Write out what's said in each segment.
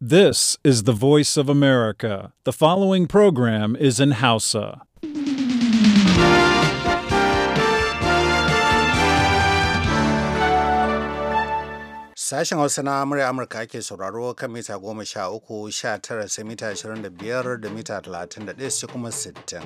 This is the voice of America. The following program is in Hausa. Sashen Hausa na murya Amurka ke sauraro kan mita goma sha uku, sha tara sai mita ashirin da biyar da mita talatin da ɗaya sai kuma sittin.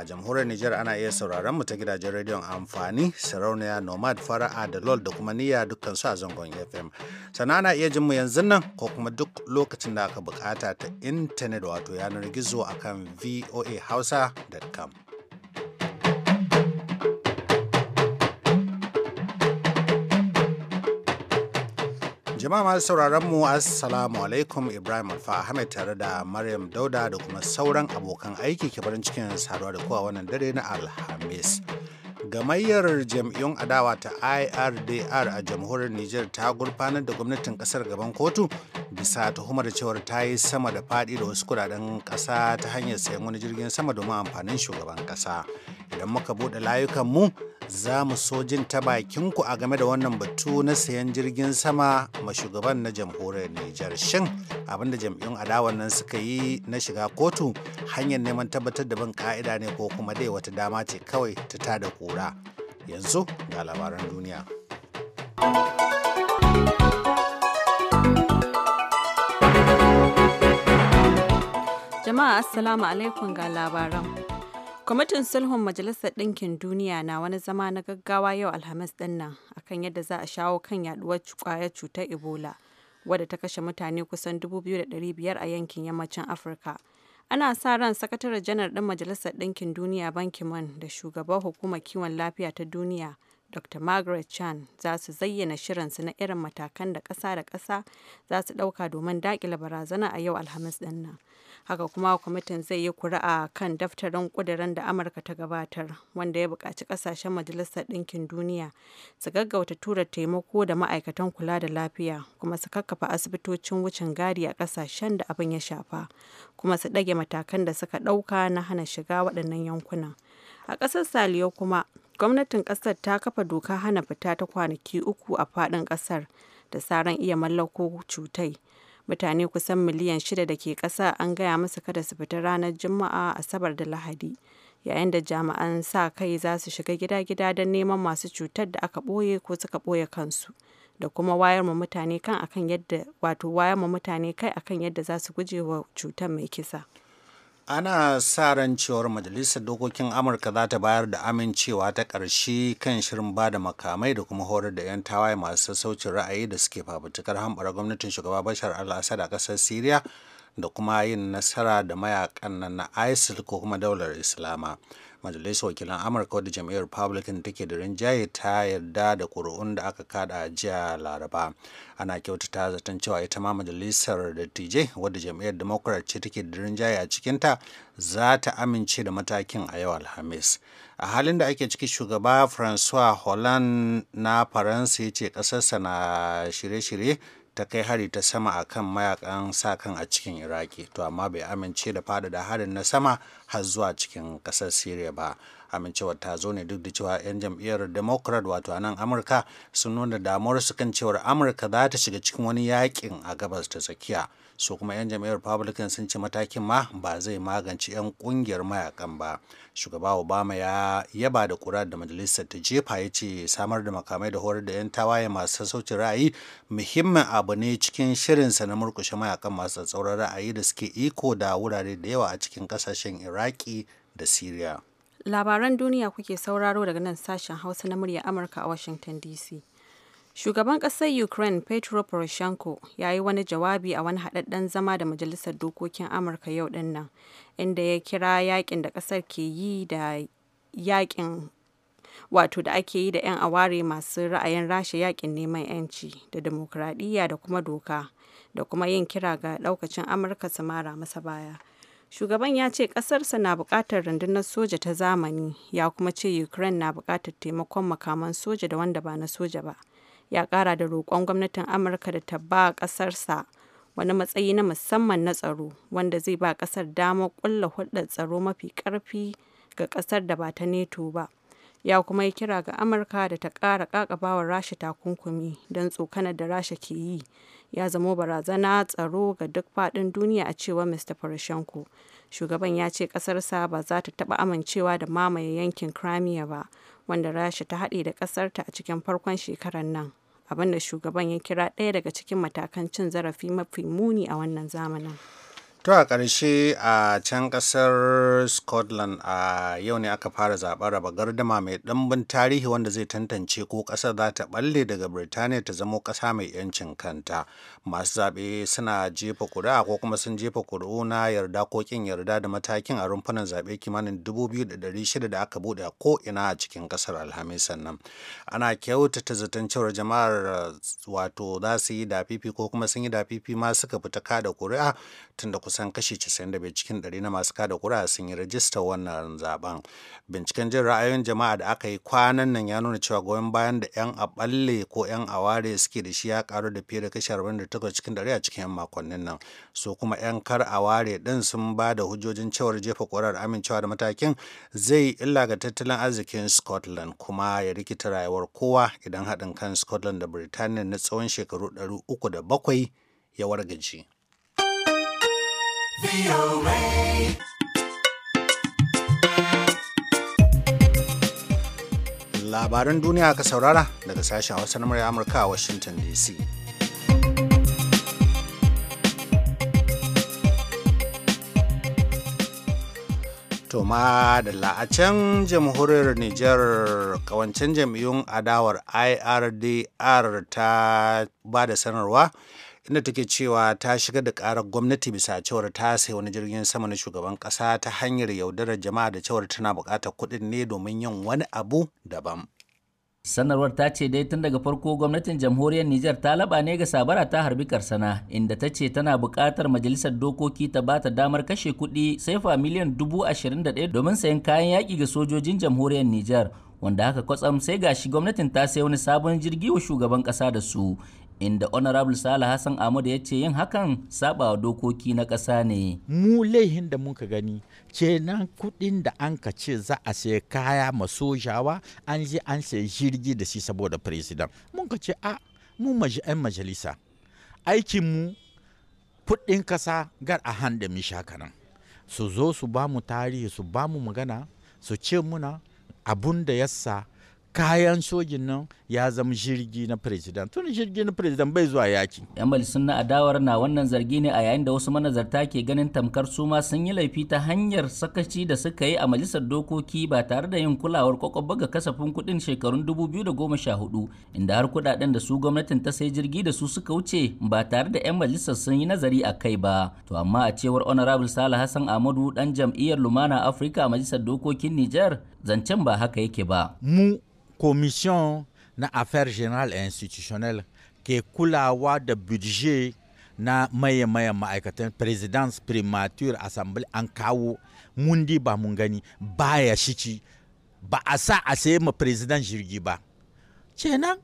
a jamhuriyar Nijar ana iya sauraron mu ta gidajen rediyon amfani sarauniya nomad fara'a da lol da kuma niyya dukkan a zangon fm sannan ana iya jin mu yanzu nan ko kuma duk lokacin da aka bukata ta intanet wato yanar gizo akan voahausa.com Jama'a masu sauraron mu Assalamu alaikum Ibrahim Alfa Ahmed tare da Maryam Dauda da kuma sauran abokan aiki ke barin cikin saduwa da kowa wannan dare na Alhamis. Gamayyar jam'iyyun adawa ta IRDR a jamhuriyar niger ta gurfanar da gwamnatin kasar gaban kotu bisa tuhumar cewar ta yi sama da fadi da wasu kudaden kasa ta hanyar sayan wani jirgin sama domin amfanin shugaban kasa Idan muka buɗe layukan mu za mu so jin ta bakinku a game da wannan batu na sayan jirgin sama ma shugaban na jamhuriyar Nijar. Shin abinda jam'iyyun adawan nan suka yi na shiga kotu hanyar neman tabbatar da bin ka'ida ne ko kuma dai wata dama ce kawai ta tada kura. Yanzu ga labaran duniya. Jama'a Assalamu alaikum ga labaran. Kwamitin Sulhun Majalisar Ɗinkin Duniya na wani zama na gaggawa yau Alhamis ɗin nan akan yadda za a shawo kan yaduwar kwayar cutar Ebola wadda ta kashe mutane kusan 2,500 a yankin yammacin Afirka. Ana sa ran sakatare janar ɗin Majalisar Ɗinkin Duniya Ban Man da shugaban hukumar kiwon lafiya ta duniya Dr. Margaret Chan za su zayyana shirinsu na irin matakan da ƙasa da ƙasa za su ɗauka domin daƙile barazana a yau Alhamis ɗin nan. Haka kuma kwamitin zai yi kuri'a kan daftarin ƙudurin da Amurka ta gabatar wanda ya buƙaci ƙasashen Majalisar Ɗinkin Duniya su gaggauta tura taimako da ma'aikatan kula da lafiya kuma su kakkafa asibitocin wucin gadi a ƙasashen da abin ya shafa kuma su ɗage matakan da suka ɗauka na hana shiga waɗannan yankunan. A ƙasar Saliyo kuma, gwamnatin ƙasar ta kafa doka hana fita ta kwanaki uku a faɗin ƙasar da saran iya mallako cutai. Mutane kusan miliyan shida da ke ƙasa an gaya musu kada su fita ranar Juma'a, Asabar da Lahadi. Yayin da jami'an sa kai za su shiga gida-gida don neman masu cutar da aka ɓoye ko suka ɓoye kansu. da kuma wayar mutane kan akan yadda wato wayar ma mutane kai akan yadda za su guje wa cutar mai kisa. ana sa ran cewar majalisar dokokin amurka za ta bayar da amincewa ta ƙarshe kan shirin ba da makamai da kuma horar da 'yan tawaye masu sassaucin ra'ayi da suke fafutukar hambara gwamnatin shugaba bashar al-assad a kasar syria da kuma yin nasara da mayakan nan na isil ko kuma daular islama majalisar wakilan amurka wadda jam'iyyar republican take da rinjaye ta yarda da ƙuri'un da aka kada a jiya laraba ana kyautata zaton cewa ita ma majalisar dattijai wadda jam'iyyar democrat ce take da rinjaye a cikinta za ta amince da matakin a yau alhamis a halin da ake ciki shugaba francois hollande na faransa ya ce ƙasarsa na shirye-shirye ta kai hari ta sama a kan mayakan sa kan a cikin iraki to amma bai amince da faɗaɗa harin na sama har zuwa cikin ƙasar syria ba amincewar ta zo ne duk da cewa 'yan jam'iyyar democrat wato a nan amurka sun nuna damuwarsu kan cewar amurka za ta shiga cikin wani yakin a gabas ta tsakiya su kuma 'yan jam'iyyar republican sun ci matakin ma ba zai magance 'yan kungiyar mayakan ba shugaba obama ya yaba da kura da majalisar ta jefa ya ce samar da makamai da horar da 'yan tawaye masu sassaucin ra'ayi muhimmin abu ne cikin shirinsa na murkushe mayakan masu tsatsauran ra'ayi da suke iko da wurare da yawa a cikin kasashen iraki da syria labaran duniya kuke sauraro daga nan sashen hausa na murya amurka a washington dc Shugaban ƙasar Ukraine Petro Poroshenko ya yi wani jawabi a wani haɗaɗɗen zama da Majalisar Dokokin Amurka yau ɗin nan, inda ya kira yakin da ƙasar ke yi da yakin wato da ake yi da 'yan aware masu ra'ayin rasha yakin neman 'yanci da demokradiyya da kuma doka da kuma yin kira ga ɗaukacin amurka su mara masa baya shugaban ya ce ƙasarsa na buƙatar rundunar soja ta zamani ya kuma ce ukraine na buƙatar taimakon makaman soja da wanda ba na soja ba ya kara da roƙon gwamnatin amurka da ta ba ƙasarsa wani matsayi na musamman na tsaro wanda zai ba ƙasar dama ƙulla hulɗar tsaro mafi ƙarfi ga ƙasar da ba ta neto ba ya kuma yi kira ga amurka da ta ƙara ƙaƙabawa rasha takunkumi don tsokanar da rasha ke yi ya zamo barazana tsaro ga duk faɗin duniya a cewa mr poroshenko shugaban ya ce ƙasarsa ba za ta taɓa amincewa da mamaye yankin crimea ba wanda rasha ta haɗe da ƙasarta a cikin farkon shekarar nan abinda shugaban ya kira ɗaya daga cikin matakan cin zarafi mafi muni a wannan zamanin. To a ƙarshe a can ƙasar Scotland a yau ne aka fara zaɓen raba gardama mai ɗimbin tarihi wanda zai tantance ko ƙasar za ta ɓalle daga Birtaniya ta zamo ƙasa mai 'yancin kanta. Masu zaɓe suna jefa ƙuri'a ko kuma sun jefa ƙuri'u na yarda ko ƙin yarda da matakin a rumfunan zaɓe kimanin 2,600 da aka buɗe ko ina a cikin ƙasar Alhamis sannan. Ana kyautata zaton cewar jama'ar wato za su yi dafifi ko kuma sun yi dafifi ma suka fita kada ƙuri'a tunda kusan kashi 95 cikin 100 na masu kada kura sun yi rajistar wannan zaben. Binciken jin ra'ayoyin jama'a da aka yi kwanan nan ya nuna cewa goyon bayan da 'yan aballe ko 'yan aware suke da shi ya karu da fiye da kashi 48 cikin 100 a cikin 'yan makonnin nan. Su kuma 'yan kar aware din sun ba da hujjojin cewar jefa kurar amincewa da matakin zai illa ga tattalin arzikin Scotland kuma ya rikita rayuwar kowa idan haɗin kan Scotland da Birtaniya na tsawon shekaru 307 ya wargaji. Labaran duniya ka saurara daga sashen Hausa na murya Amurka a Washington DC. Toma da la'acen jamhuriyar Nijar kawancin jam'iyyun adawar IRDR ta ba da sanarwa inda take cewa ta shiga da karar gwamnati bisa cewar ta sayi wani jirgin sama na shugaban kasa ta hanyar yaudarar jama'a da cewar tana buƙatar kuɗin ne domin yin wani abu daban. sanarwar ta ce dai tun daga farko gwamnatin jamhuriyar Nijar ta laba ne ga sabara ta harbi karsana inda ta ce tana bukatar majalisar dokoki ta ba ta damar kashe kuɗi saifa miliyan dubu ashirin da ɗaya domin sayan kayan yaki ga sojojin jamhuriyar Nijar wanda haka kwatsam sai gashi gwamnatin ta sai wani sabon jirgi wa shugaban kasa da su inda honorable sale hassan ahmad ya ce yin hakan saba dokoki na ƙasa ne mu laihin da muka gani ce nan kuɗin da an ka ce za a sai kaya jawa an je an sai jirgi da shi saboda president mun ka ce a ah, mu yan majalisa aikin mu kuɗin ƙasa gar a handa mi shakanan su zo su ba mu tarihi su ba mu magana su ce muna abun da yasa kayan sojin nan ya zama jirgi na president tun jirgi na president bai zuwa yaki yan sun na adawar na wannan zargi ne a yayin da wasu manazarta ke ganin tamkar suma sun yi laifi ta hanyar sakaci da suka yi a majalisar dokoki ba tare da yin kulawar kwakwabba ga kasafin kudin shekarun 2014 inda har kudaden da su gwamnatin ta sai jirgi da su suka wuce ba tare da yan majalisar sun yi nazari a kai ba to amma a cewar honorable sale hassan amadu dan jam'iyyar lumana afirka a majalisar dokokin niger zancen ba haka yake ba mu commission na affaire general institutionnel ke kulawa da budget na maye-maye ma'aikatan présidence primature assemblée an kawo mundi ba mun gani baya shici ba a sa a sayi ma president jirgi ba kenan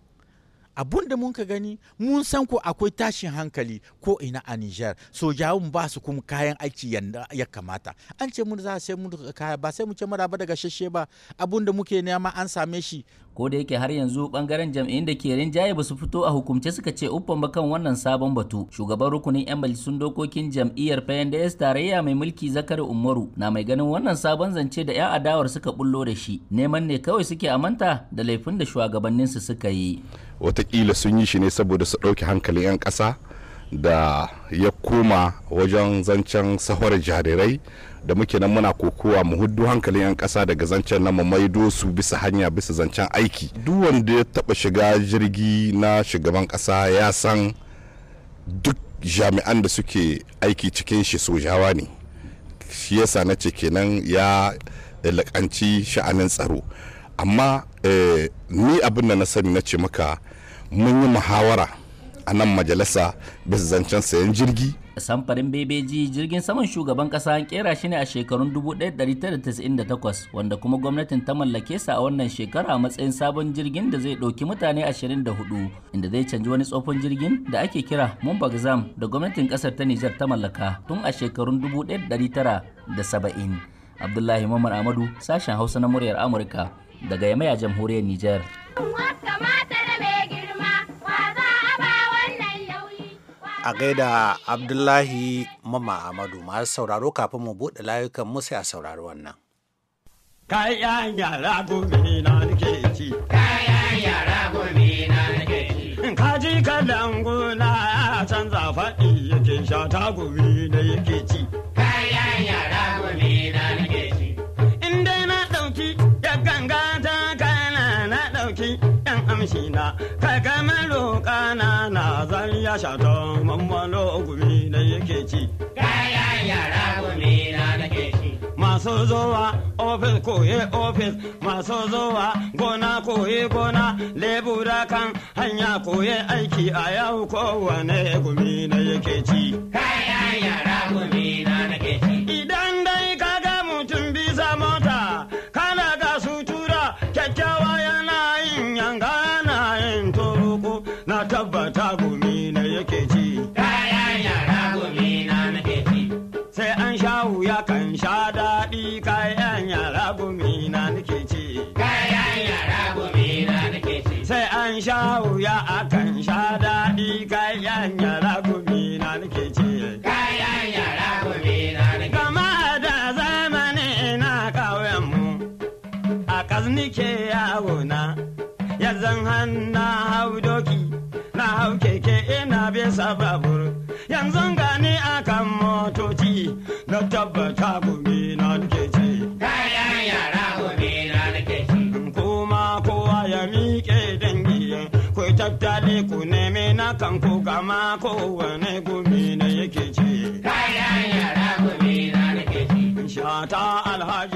abun da mun ka gani mun san ko akwai tashin hankali ko ina a Nijar sojawun ba su kuma kayan aiki yadda ya kamata an ce mun za a sai mun kaya ba sai mu ce mara ba daga shashe ba abun da muke nema an same shi ko da yake har yanzu bangaren jam'iyyun da ke rinjaye ba su fito a hukumce suka ce uffan ba kan wannan sabon batu shugaban rukunin yan majalisun dokokin jam'iyyar PNDS tarayya mai mulki Zakari Umaru na mai ganin wannan sabon zance da yan adawar suka bullo da shi neman ne kawai suke amanta da laifin da shugabannin su suka yi watakila sun yi shi ne saboda su ɗauki hankalin yan ƙasa da ya koma wajen zancen sahwar jarirai da muke nan muna kokowa mu huddu hankalin 'yan kasa daga zancen nan mu maido su bisa hanya bisa zancen aiki duk wanda ya taba shiga jirgi na shugaban kasa ya san duk jami'an da suke aiki cikin shi sojawa ne shi yasa na ce kenan ya lakanci sha'anin tsaro amma eh, ni abin da na sani na ce maka mun yi muhawara a nan majalisa bisa zancen sayan jirgi da samfarin bebeji jirgin saman shugaban kasa an kera shi ne a shekarun 1998 wanda kuma gwamnatin ta mallake sa a wannan shekara a matsayin sabon jirgin da zai ɗauki mutane 24 inda zai canji wani tsofin jirgin da ake kira mumbagzam da gwamnatin kasar ta nijar ta mallaka tun a shekarun 1970 abdullahi mamman amadu sashen hausa na muryar amurka daga yamaya jamhuriyar nijar a gaida Abdullahi Mama Amadu masu sauraro kafin mu buɗe layukan mu sai a saurari wannan. Kayan yara gobe na nake ci. Kayan yara gobe na nake ci. Kaji canza faɗi yake sha ta gobe da yake ci. amshina kai kai mai roƙa na na zan ya shato mammalo gumi da yake ci ya yara gumi na nake ci masu zowa ofis koye ofis maso zowa gona koye gona lebura kan hanya koye aiki a yau kowane gumi na yake ci ya yara gumi yawona na yanzan han na hau doki na hau keke ina bisa babur yanzu gani akan motoci na tabbata gumi na duke ce na kuma kowa ya miƙe dangi ku tattale ku neme na kan ku gama kowane gobe na yake ce na ce shata alhaji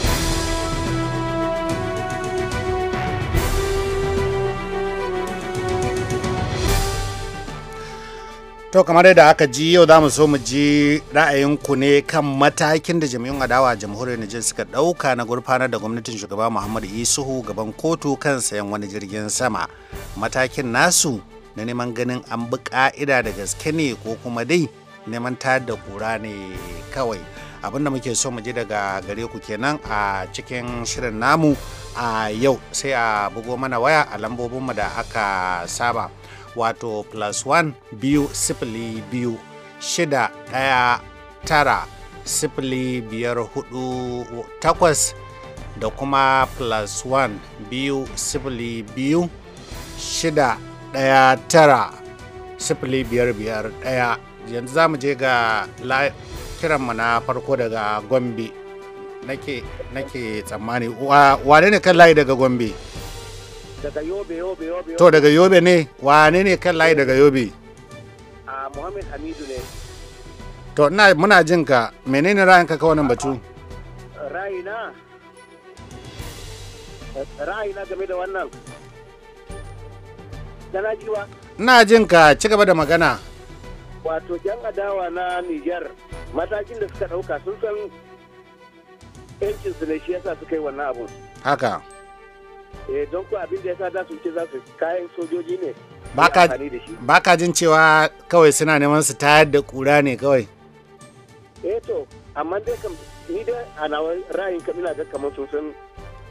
To kamar yadda aka ji yau za mu so mu ji ra'ayinku ne kan matakin da jami'un adawa jamhuriyar Nijar suka ɗauka na gurfanar da gwamnatin shugaba Muhammadu Isuhu gaban kotu kan sayan wani jirgin sama. Matakin nasu na neman ganin an bi ka'ida da gaske ne ko kuma dai neman tayar da kura ne kawai. Abinda muke so mu ji daga gare ku kenan a cikin shirin namu a yau sai a bugo mana waya a lambobinmu da aka saba. wato plus 1 biyu sifili biyu shida ɗaya tara sifili biyar hudu takwas da kuma plus 1 biyu sifili biyu shida ɗaya tara sifili biyar biyar ɗaya yanzu za mu je ga kiranmu na farko daga gombe nake tsammani wane ne kan layi daga gombe daga yobe yobe yobe to daga yobe ne wane ne kan layi daga yobe a muhammad hamidu ne to ina muna jin ka menene ra'ayin ka wannan batu ra'ayi na ra'ayi na game da wannan dana jiwa ina jin ka ci gaba da magana wato jan adawa na niger matakin da suka dauka sun san yancinsu ne shi yasa suka yi wannan abun haka eh don abin da su ce za su kayan sojoji ne jin cewa kawai suna neman su tayar da kura ne kawai eh to amma dai kam ni da a ra'ayin ina ga kamar sun san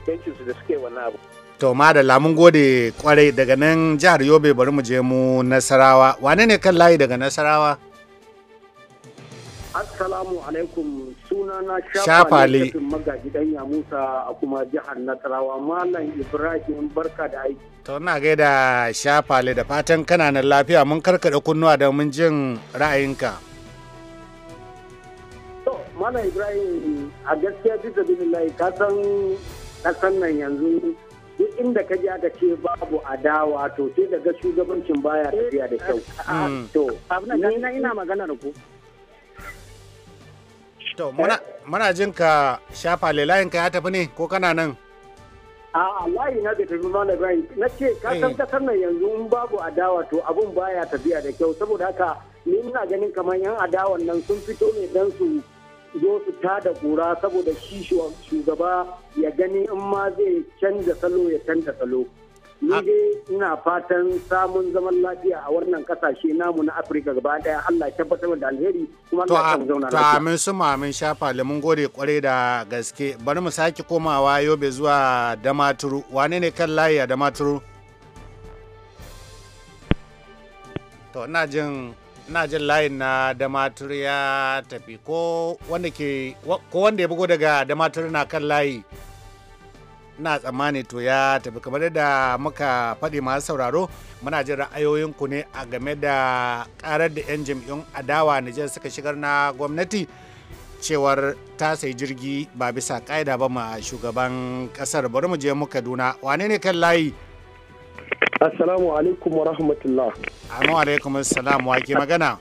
yancin su da suke wannan abu to da lamun gode kwarai daga nan jihar yobe bari mu je mu nasarawa wane ne kan layi daga nasarawa Assalamu alaikum sunana Shafale magaji dan ya Musa a kuma jihar Nasarawa Malam Ibrahim barka da aiki. To ina gaida Shafale da fatan kana nan lafiya mun karkada kunnuwa da mun jin ra'ayinka. To Malam Ibrahim a gaskiya bisa billahi ka san kasan nan yanzu duk inda ka ja ka ce babu adawa to sai daga shugabancin baya tafiya da kyau. Mm. To, ina magana ku. To, muna jin ka shafa lelayin ka ya tafi ne ko kana nan? A wayi na da tafi mana Ibrahim na ce ka eh. san ta yanzu in babu adawa to abun baya tafiya da kyau saboda haka ni ina ganin kamar yan adawan nan sun fito ne dan su zo su da kura saboda shi shugaba ya gani in ma zai canza salo ya canza salo. ni dai ina fatan samun zaman lafiya a wannan kasashe namu na afirka gaba daya allah ya tabbatar da alheri kuma allah ya zauna lafiya to amin su amin shafa mun gode kwarai da gaske bari mu sake komawa yobe zuwa damaturu wane ne kan layi a damaturu to ina jin ina jin layin na damaturu ya tafi ko wanda ke ko wanda ya bugo daga damaturu na kan layi na tsammani to ya tafi kamar yadda muka faɗi masu sauraro muna jin ra'ayoyinku ne a game da karar da 'yan jam'iyyun adawa Nijar suka shigar na gwamnati cewar ta sai jirgi ba bisa ƙa'ida ba ma shugaban ƙasar bari mu je mu kaduna wane ne kan layi assalamu alaikum wa rahmatullah alaikum assalam wa ke magana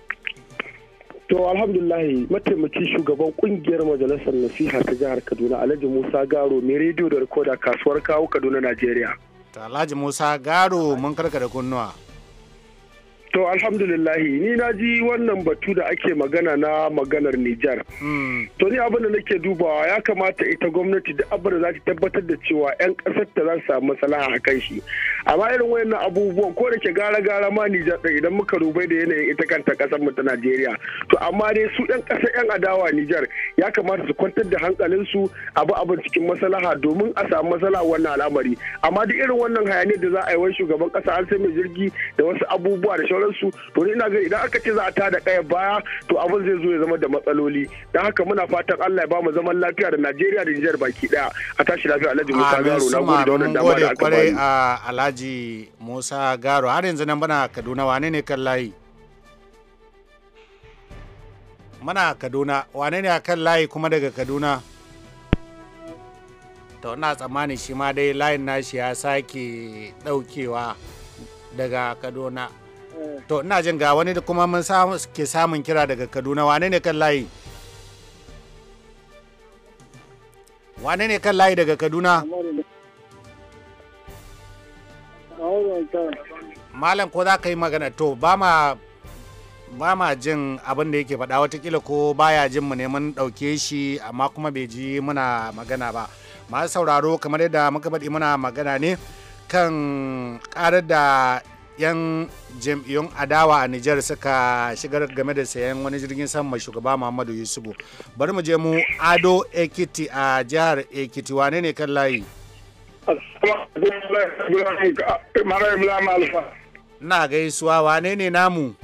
To alhamdulillah mataimakin shugaban kungiyar majalisar nasiha ta jihar Kaduna Alhaji Musa Garo mai rediyo da rikoda kasuwar kawo Kaduna Najeriya. Ta Alhaji Musa Garo mun karkada kunnuwa. To alhamdulillahi ni na ji wannan batu da ake magana na maganar Nijar. Hmm. To ni abin da nake dubawa ya kamata ita gwamnati da abin da za ta tabbatar da cewa 'yan ƙasar ta za su samu maslaha a kan shi. Amma irin wayannan abubuwan ko da ke gara-gara ma Nijar ɗin idan muka rubai da yanayin ita kanta ƙasar mu ta Najeriya. To amma dai su 'yan ƙasar 'yan adawa Nijar ya kamata su kwantar da su hankalinsu abu abin cikin maslaha domin a samu masalaha wannan al'amari. Amma duk irin wannan hayaniyar da za a yi wani shugaban ƙasa an sai mai jirgi da wasu abubuwa da shauran su to ina ga idan aka ce za a tada kaya baya to abin zai zo ya zama da matsaloli dan haka muna fatan Allah ya ba mu zaman lafiya da Najeriya da Nijar baki daya a tashi lafiya Alhaji Musa Garo na gode da wannan dama da aka bani a Alhaji Musa Garo har yanzu nan bana Kaduna wane ne kan layi mana Kaduna wane ne akan layi kuma daga Kaduna to ina tsammani shi ma dai layin nashi ya sake daukewa daga kaduna to ina jin ga wani da kuma mun ke samun kira daga kaduna wane ne kan layi wane ne kan layi daga kaduna malam ko za ka yi magana to ba ma ba ma jin abin da yake faɗa watakila ko baya jin mu ne mun ɗauke shi amma kuma bai ji muna magana ba masu sauraro kamar yadda muka faɗi muna magana ne kan ƙarar da 'yan jam'iyyun adawa a Nijar suka shigar game da sayan wani jirgin sama shugaba Muhammadu Yusufu. Bari mu je mu Ado Ekiti a jihar Ekiti wane ne kan layi? Na gaisuwa wane ne namu?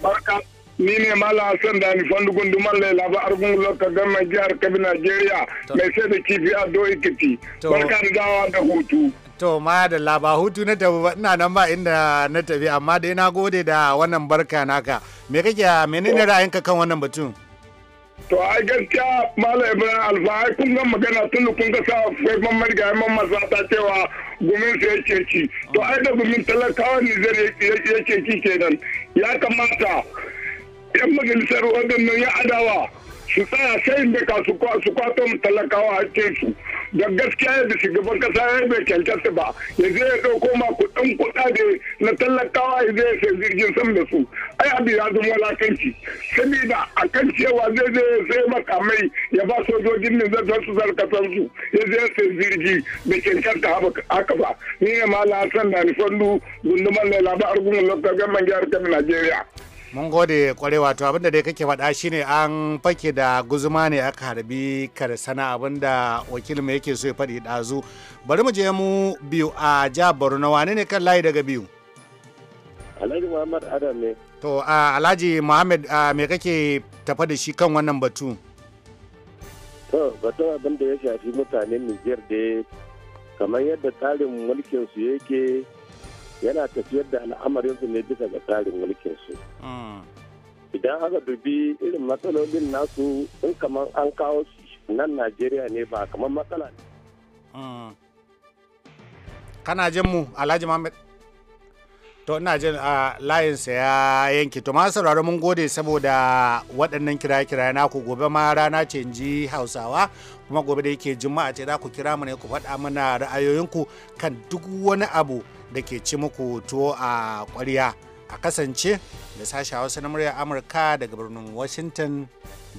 ni ne mala hassan da nifan dugun duman lai laba argun lokka gama jihar kabi najeriya mai sai da kifi a ekiti ikiti barka da dawa da hutu To ma da laba hutu na tafi ba ina nan ba inda na tafi amma dai na gode da wannan barka naka. Me kake menene ra'ayinka kan wannan batun? To ai gaskiya Malam Ibrahim Alfa ai kun ga magana tun kun ga sa ga marigayen mamman ta cewa gumin su ya ci To ai da gumin talakawa zai ya ceci kenan. Ya kamata 'yan majalisar waɗannan ya adawa su tsaya sai in ka su kwato talakawa hakkin su. da gaskiya yadda shugaban kasa ya bai kyankyasta ba ya je ya dauko ma kuɗin kuɗaɗe na talakawa ya zai sai jirgin sam da su ai abu ya zama lakanci da a kan cewa zai je ya sai makamai ya ba sojojin ne zai su zarkatar su ya je ya sai jirgi da kyankyasta haka ba ni ne ma na da ni fandu gundumar ne argungun lokacin gaman jihar kan najeriya. mun gode kwarai wato abinda dai kake faɗa shine an fake da guzuma ne aka harbi karsana abinda wakil mai yake so ya faɗi ɗazu bari mu je mu biyu a jihar borno wane ne kan layi daga biyu alhaji muhammad adam ne to alhaji muhammad me kake tafa da shi kan wannan batu to batun abinda da ya shafi mutanen niger da kamar yadda tsarin mulkin su yake yana tafiyar da al'amarinsu ne bisa ga tsarin su hmm. Idan aka dubi irin matsalolin nasu in kamar an kawo nan Najeriya ne ba kamar matsala. Hmm. Kana jin mu Alhaji Muhammad? To ina jin a layinsa ya yanke. To masu sauraro mun gode saboda waɗannan kira-kira naku gobe ma rana ce in ji Hausawa kuma gobe da yake juma'a ce za ku kira mu ku faɗa mana ra'ayoyinku kan duk wani abu da ke ci muku tuwo a ƙwarya a kasance da sashen hausa na muryar amurka daga birnin washington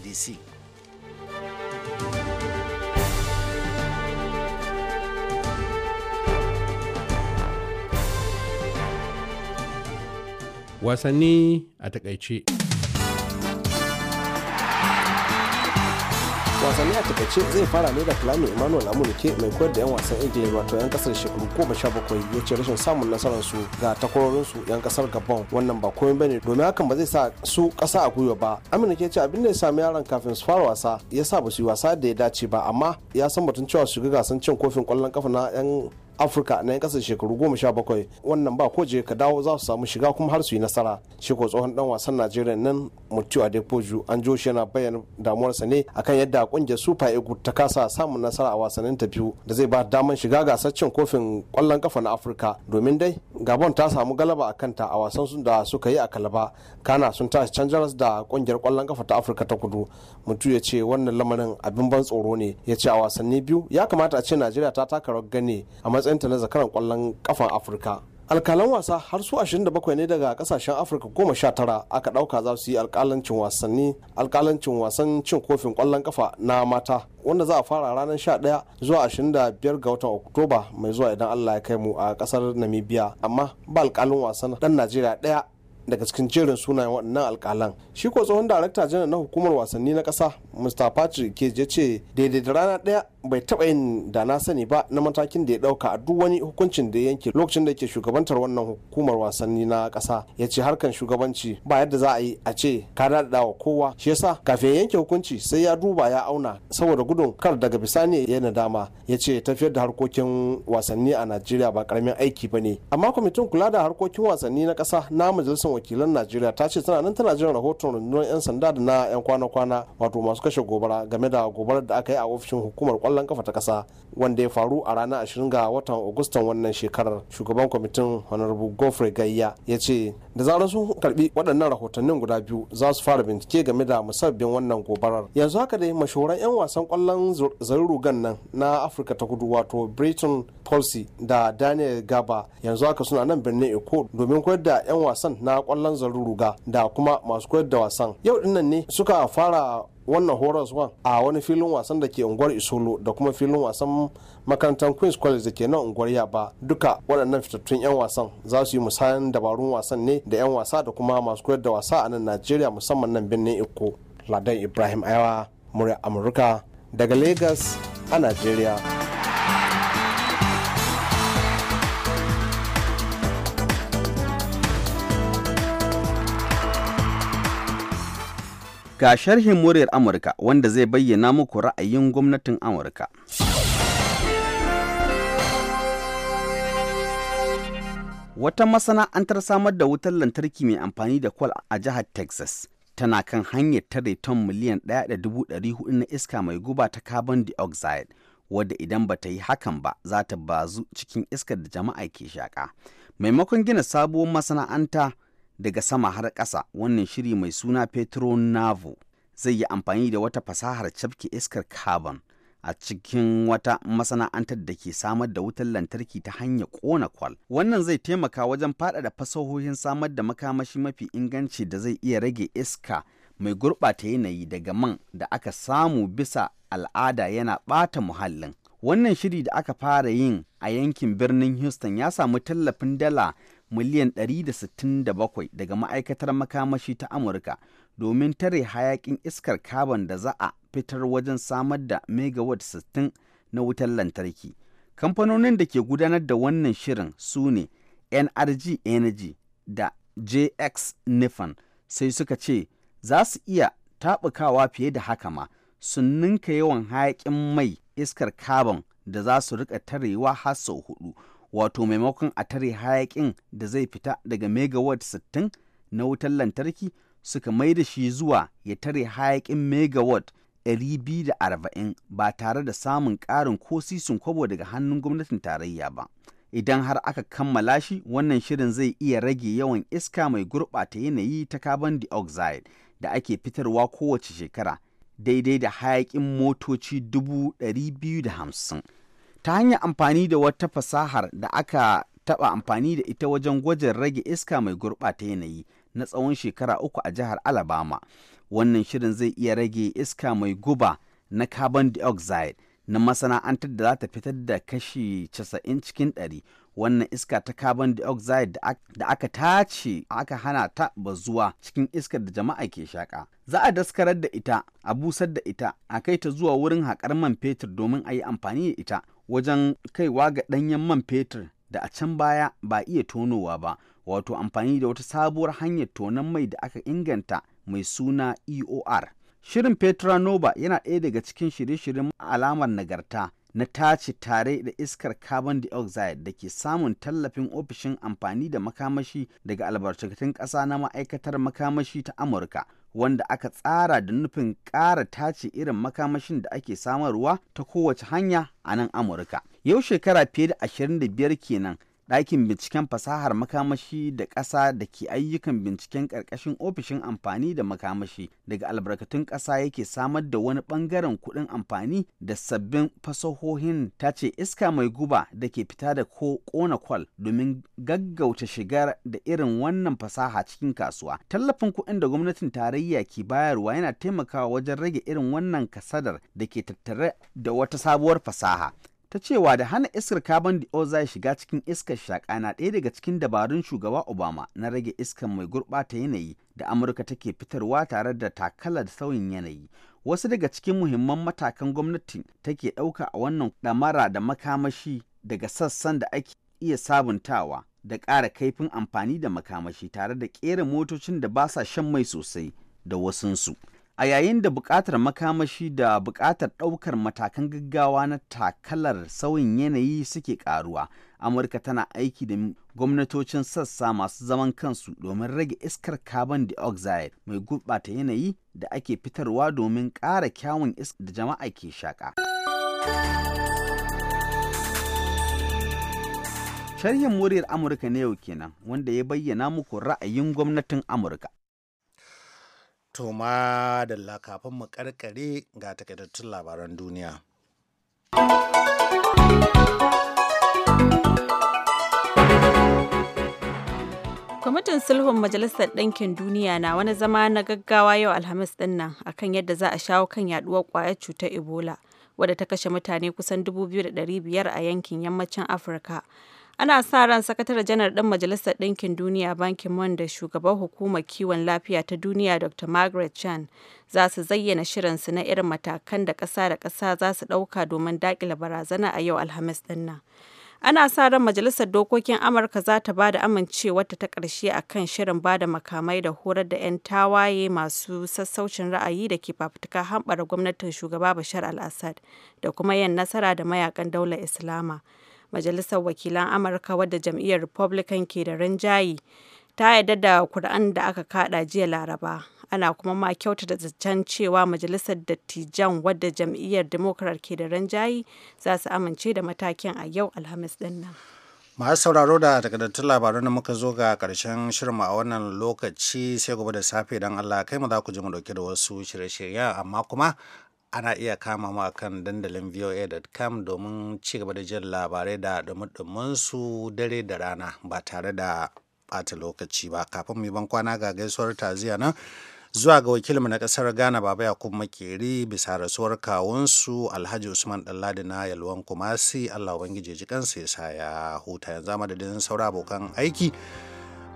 dc wasanni a takaice wasanni a takaice zai fara ne da fulani emmanuel amunike mai koyar da yan wasan ingila wato yan kasar shekaru goma sha bakwai ya ce rashin samun nasarar su ga takwarorin su yan kasar gabon wannan ba komai bane domin hakan ba zai sa su kasa a gwiwa ba ke ce abin da ya sami yaran kafin su fara wasa ya sa ba su yi wasa da ya dace ba amma ya san batun cewa su shiga gasan cin kofin kwallon kafa na yan afirka na yan kasar shekaru goma sha bakwai wannan ba ko je ka dawo za su samu shiga kuma har su yi nasara shi ko tsohon dan wasan najeriya nan mutu adepoju an jo shi yana bayyana damuwarsa ne akan yadda kungiyar super eagles ta kasa samun nasara a wasannin ta biyu da zai ba daman shiga gasar cin kofin kwallon kafa na afirka domin dai gabon ta samu galaba a kanta a wasan da suka yi a kalaba kana sun tashi can da kungiyar kwallon kafa ta afirka ta kudu mutu ya ce wannan lamarin abin ban tsoro ne ya ce a wasanni biyu ya kamata a ce najeriya ta taka rawar gani a matsayinta na zakaran kwallon kafan afirka alkalan wasa har su 27 ne daga kasashen afirka tara aka dauka za su yi alkalancin wasanni alkalancin wasan cin kofin kwallon kafa na mata wanda za a fara ranar 11 zuwa 25 ga watan oktoba mai zuwa idan allah ya kai mu a kasar namibia amma ba alkalin wasan dan najeriya daya daga cikin jerin sunayen waɗannan alƙalan shi ko tsohon darakta janar na hukumar wasanni na ƙasa mr patrick ke ya ce daidai da rana ɗaya bai taɓa yin da na sani ba na matakin da ya ɗauka a duk wani hukuncin da ya yanke lokacin da ke shugabantar wannan hukumar wasanni na ƙasa ya ce harkan shugabanci ba yadda za a yi a ce ka daɗa wa kowa shi yasa kafin ya yanke hukunci sai ya duba ya auna saboda gudun kar daga bisani ya nadama ya ce tafiyar da harkokin wasanni a najeriya ba ƙaramin aiki ba ne amma kwamitin kula da harkokin wasanni na ƙasa na majalisar wakilan najeriya ta ce tana nan tana jiran rahoton rundunar 'yan sanda da na 'yan kwana-kwana wato masu kashe gobara game da gobarar da aka yi a ofishin hukumar kwallon kafa ta kasa wanda ya faru a ranar ashirin ga watan agustan wannan shekarar shugaban kwamitin honorable goffrey gayya ya ce da zarar sun karbi waɗannan rahotannin guda biyu za su fara bincike game da musabbin wannan gobarar yanzu haka dai mashahuran 'yan wasan kwallon zarurugan nan na afirka ta kudu wato britain polsey da daniel gaba yanzu haka suna nan birnin eko domin koyar da 'yan wasan na kwallon ruga da kuma masu koyar da wasan yau dinnan ne suka fara wannan horaswa a wani filin wasan da ke unguwar isolo da kuma filin wasan makarantar queens college da ke nan unguwar yaba duka waɗannan fitattun 'yan wasan za su yi musayan dabarun wasan ne da 'yan wasa da kuma masu koyar da wasa a nan najeriya musamman nan birnin iko ladan ibrahim ayawa murya amurka daga lagos a najeriya Ga sharhin muryar Amurka wanda zai bayyana muku ra'ayin gwamnatin Amurka. Wata masana'antar samar da wutar lantarki mai amfani da kwal a jihar Texas tana kan hanyar tare ton miliyan 1.400 na iska mai guba ta carbon dioxide wadda idan ba ta yi hakan ba za ta bazu cikin iskar da jama'a ke shaƙa. Maimakon gina sabuwar masana'anta daga sama har ƙasa wannan shiri mai suna petro navo zai yi amfani da wata fasahar cafke iskar carbon a cikin wata masana'antar da ke samar da wutar lantarki ta hanyar ƙona kwal wannan zai taimaka wajen faɗaɗa fasahohin samar da makamashi mafi inganci da zai iya rage iska mai gurɓata yanayi daga man da aka samu bisa al'ada yana ɓata muhallin wannan shiri da aka fara yin a yankin birnin houston ya samu tallafin dala miliyan 167 daga ma'aikatar makamashi ta amurka domin tare hayakin iskar carbon da za a fitar wajen samar da megawatt 60 na wutar lantarki kamfanonin da ke gudanar da wannan shirin su ne nrg energy da jx nifan sai suka ce za su iya taɓukawa fiye da haka ma sun ninka yawan hayakin mai iskar carbon da za su rika tarewa har sau hudu wato maimakon a tare hayakin da zai fita daga megawatt 60 na wutar lantarki suka mai da shi zuwa ya tare hayakin megawatt 240 ba tare da samun ƙarin ko sisin kwabo daga hannun gwamnatin tarayya ba idan har aka kammala shi wannan shirin zai iya rage yawan iska mai gurɓata yanayi ta carbon dioxide da ake fitarwa kowace shekara daidai da hayakin motoci 250 ta hanyar amfani da wata fasahar da aka taɓa amfani da ita wajen gwajin rage iska mai gurɓata yanayi na tsawon shekara uku a jihar Alabama. Wannan shirin zai iya rage iska mai guba na carbon dioxide na masana'antar da za ta fitar da kashi 90 cikin ɗari wannan iska ta carbon dioxide da aka tace aka hana ta bazuwa cikin iskar da jama'a ke shaƙa. Za a daskarar da ita, a busar da ita, a kai ta zuwa wurin haƙar man fetur domin a yi amfani da ita wajen kaiwa ga ɗanyen man fetur da a can baya ba iya tonowa ba wato amfani da wata sabuwar hanyar tonon mai da aka inganta mai suna eor shirin petranova yana ɗaya daga cikin shirye-shiryen alamar nagarta na tace tare da iskar carbon dioxide da ke samun tallafin ofishin amfani da makamashi daga albarkatun ƙasa na ma'aikatar makamashi ta amurka wanda aka tsara da nufin ƙara tace irin makamashin da ake samarwa ta kowace hanya a nan Amurka. Yau shekara fiye da 25 kenan ɗakin binciken fasahar makamashi da ƙasa da ke ayyukan binciken ƙarƙashin ofishin amfani da makamashi daga albarkatun ƙasa yake samar da wani ɓangaren kuɗin amfani da sabbin fasahohin ta ce iska mai guba da ke fita da ko ƙona kwal domin gaggauta shigar da irin wannan fasaha cikin kasuwa tallafin kuɗin da gwamnatin tarayya ke bayarwa yana taimakawa wajen rage irin wannan kasadar da ke tattare da wata sabuwar fasaha ta cewa da hana iskar carbon dioxide shiga cikin iskar shaƙa na ɗaya daga cikin dabarun shugaba obama na rage iskar mai gurɓata yanayi da amurka take fitarwa tare da takalar sauyin yanayi wasu daga cikin muhimman matakan gwamnati take ɗauka a wannan ɗamara da makamashi daga sassan da ake iya sabuntawa da ƙara kaifin amfani da makamashi tare da ƙera motocin da ba sa shan mai sosai da wasunsu. a yayin da buƙatar makamashi da buƙatar ɗaukar matakan gaggawa na takalar sauyin yanayi suke ƙaruwa amurka tana aiki da gwamnatocin sassa masu zaman kansu domin rage iskar carbon dioxide mai gurɓata yanayi da ake fitarwa domin ƙara kyawun iskar da jama'a ke shaƙa. Sharhin muryar Amurka ne yau kenan wanda ya bayyana muku ra'ayin gwamnatin Amurka. To da kafin mu karkare ga takaitattun labaran duniya. Kwamitin Sulhun Majalisar ɗankin Duniya na wani zama na gaggawa yau Alhamis ɗin nan akan yadda za a shawo kan yaduwar kwayar cutar Ebola wadda ta kashe mutane kusan 2,500 a yankin yammacin Afirka ana sa ran sakatare janar ɗin majalisar ɗinkin duniya bankin mon da shugaban hukumar kiwon lafiya ta duniya dr margaret chan za su zayyana shirinsu na irin matakan da ƙasa da ƙasa za su ɗauka domin daƙila barazana a yau alhamis ɗin ana sa ran majalisar dokokin amurka za ta ba da amincewarta ta ƙarshe a kan shirin ba da makamai da horar da 'yan tawaye masu sassaucin ra'ayi da ke fafutuka hambara gwamnatin shugaba bashar al-assad da kuma yin nasara da mayakan daular islama Majalisar Wakilan Amurka wadda jam'iyyar Republican ke da rinjaye ta yarda da kur'an da aka kada jiya Laraba. Ana kuma ma kyautata zaccen cewa Majalisar Dattijan wadda jam'iyyar Democrat ke da rinjaye za su amince da matakin a yau Alhamis dinnan. masu sauraro da takardattun labaran da muka zo ga karshen shirma a wannan lokaci sai gobe da safe don allah kai mu za ku ji mu dauke da wasu shirye-shiryen amma kuma ana iya kama mu a kan dandalin voa.com domin ci gaba da jin labarai da dumin su dare da rana ba tare da bata lokaci ba kafin mu ban kwana ga gaisuwar taziya nan zuwa ga wakilinmu na kasar ghana baba yakub makeri bisa rasuwar kawunsu alhaji usman ɗanladi na yalwan kumasi allah ubangiji ji kansa ya sa ya huta yanzu madadin saura abokan aiki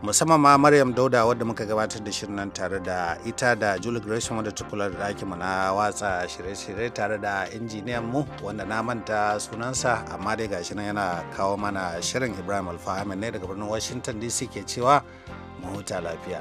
musamman ma maryam dauda wadda muka gabatar da shirin nan tare da ita da julie gresham wadda ta kula da ɗakin mu na watsa shirye-shirye tare da injiniyan mu wanda na manta sunansa amma dai gashi nan yana kawo mana shirin ibrahim alfahamin ne daga birnin washington dc ke cewa mu huta lafiya